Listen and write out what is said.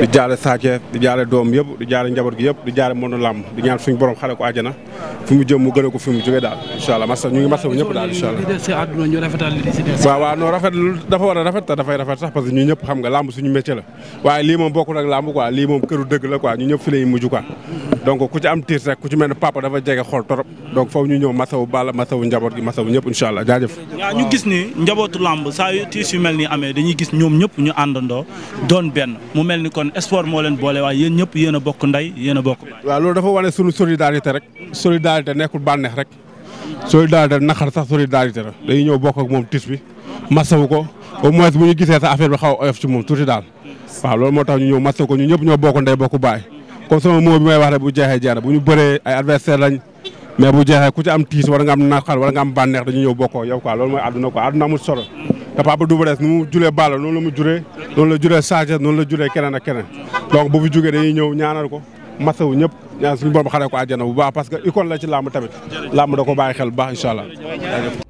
di jaale Sathiès di jaale doom yëpp di jaale njaboot gi yëpp di moo monde làmb di ñaan suñu borom xale ko àjjana fi mu jëm mu gën a ko fi mu jógee daal incha allah masa ñu ngi masa bu ñëpp daal incha allah waaw waaw rafet dafa war a rafet te dafay rafet sax parce ñu ñëpp xam nga làmb suñu métier la waaye lii moom bokkul ak làmb quoi lii moom këru dëgg la quoi ñu ñëpp fi lay mujj quoi donc ku ci am tiis rek ku ci mel ne papa dafa jege xool torop donc foofu ñu ñëw masawu Balla masawu njaboot gi masawu ñëpp incha allah jaajëf. waaw ñu gis ni njabootu làmb saa yu tiis mel ni amee dañuy gis ñoom ñëpp ñu àndandoo doon benn mu mel ni kon sport moo leen boole yéen ñëpp yéen bokk ndey yéen bokk. waaw loolu dafa wane solidarité rek solidarité nekkul bànneex rek solidarité naqar sax solidarité la ñëw bokk ak moom tiis bi masawu ko au moins bu ñu gisee sa affaire xaw moom tuuti daal waaw loolu moo tax ñu ñëw masawu ko ñu ñëpp ñoo bokk ndey bokk baay kon sama moo bi may bu jeexee jeex bu ñu bëree ay adversaire lañ mais bu jeexee ku ci am tiis war nga am naqar war nga am bànneex dañu ñëw bokkoo yow quoi loolu mooy àdduna quoi àdduna amul solo te Papa Double Less nu mu juree Balla noonu la mu juree noonu la juree Sadio noonu la juree keneen ak keneen donc bu fi jógee dañuy ñëw ñaanal ko masawu ñëpp ñaan suñu borom xaree ko àjjana bu baax parce que icône la ci làmb tamit làmb da ko bàyyi xel bu baax